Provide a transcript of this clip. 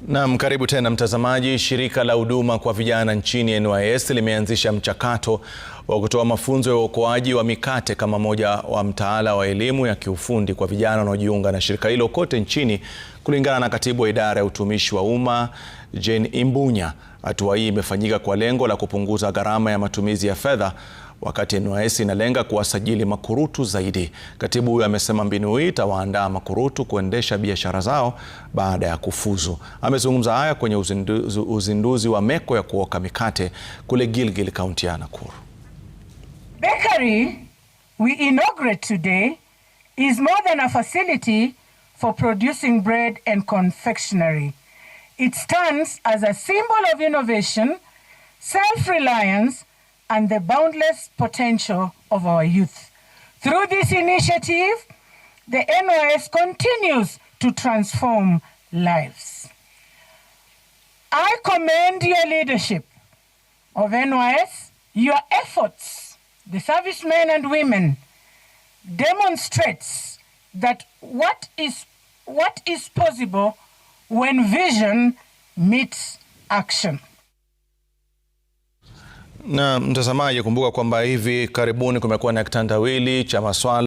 Naam, karibu tena mtazamaji. Shirika la huduma kwa vijana nchini NYS limeanzisha mchakato wa kutoa mafunzo ya uokoaji wa mikate kama moja wa mtaala wa elimu ya kiufundi kwa vijana wanaojiunga na shirika hilo kote nchini, kulingana na katibu wa idara ya utumishi wa umma Jane Imbunya. Hatua hii imefanyika kwa lengo la kupunguza gharama ya matumizi ya fedha wakati NYS inalenga kuwasajili makurutu zaidi. Katibu huyo amesema mbinu hii itawaandaa makurutu kuendesha biashara zao baada ya kufuzu. Amezungumza haya kwenye uzinduzi, uzinduzi wa meko ya kuoka mikate kule Gilgil, kaunti ya Nakuru. Bakery we inaugurate today is more than a facility for producing bread and confectionery. It stands as a symbol of innovation, self reliance, and the boundless potential of our youth. Through this initiative, the NOS continues to transform lives. I commend your leadership of NOS, your efforts, the servicemen and women, demonstrates that what is, what is possible when vision meets action. Na mtazamaji, kumbuka kwamba hivi karibuni kumekuwa na kitandawili cha maswala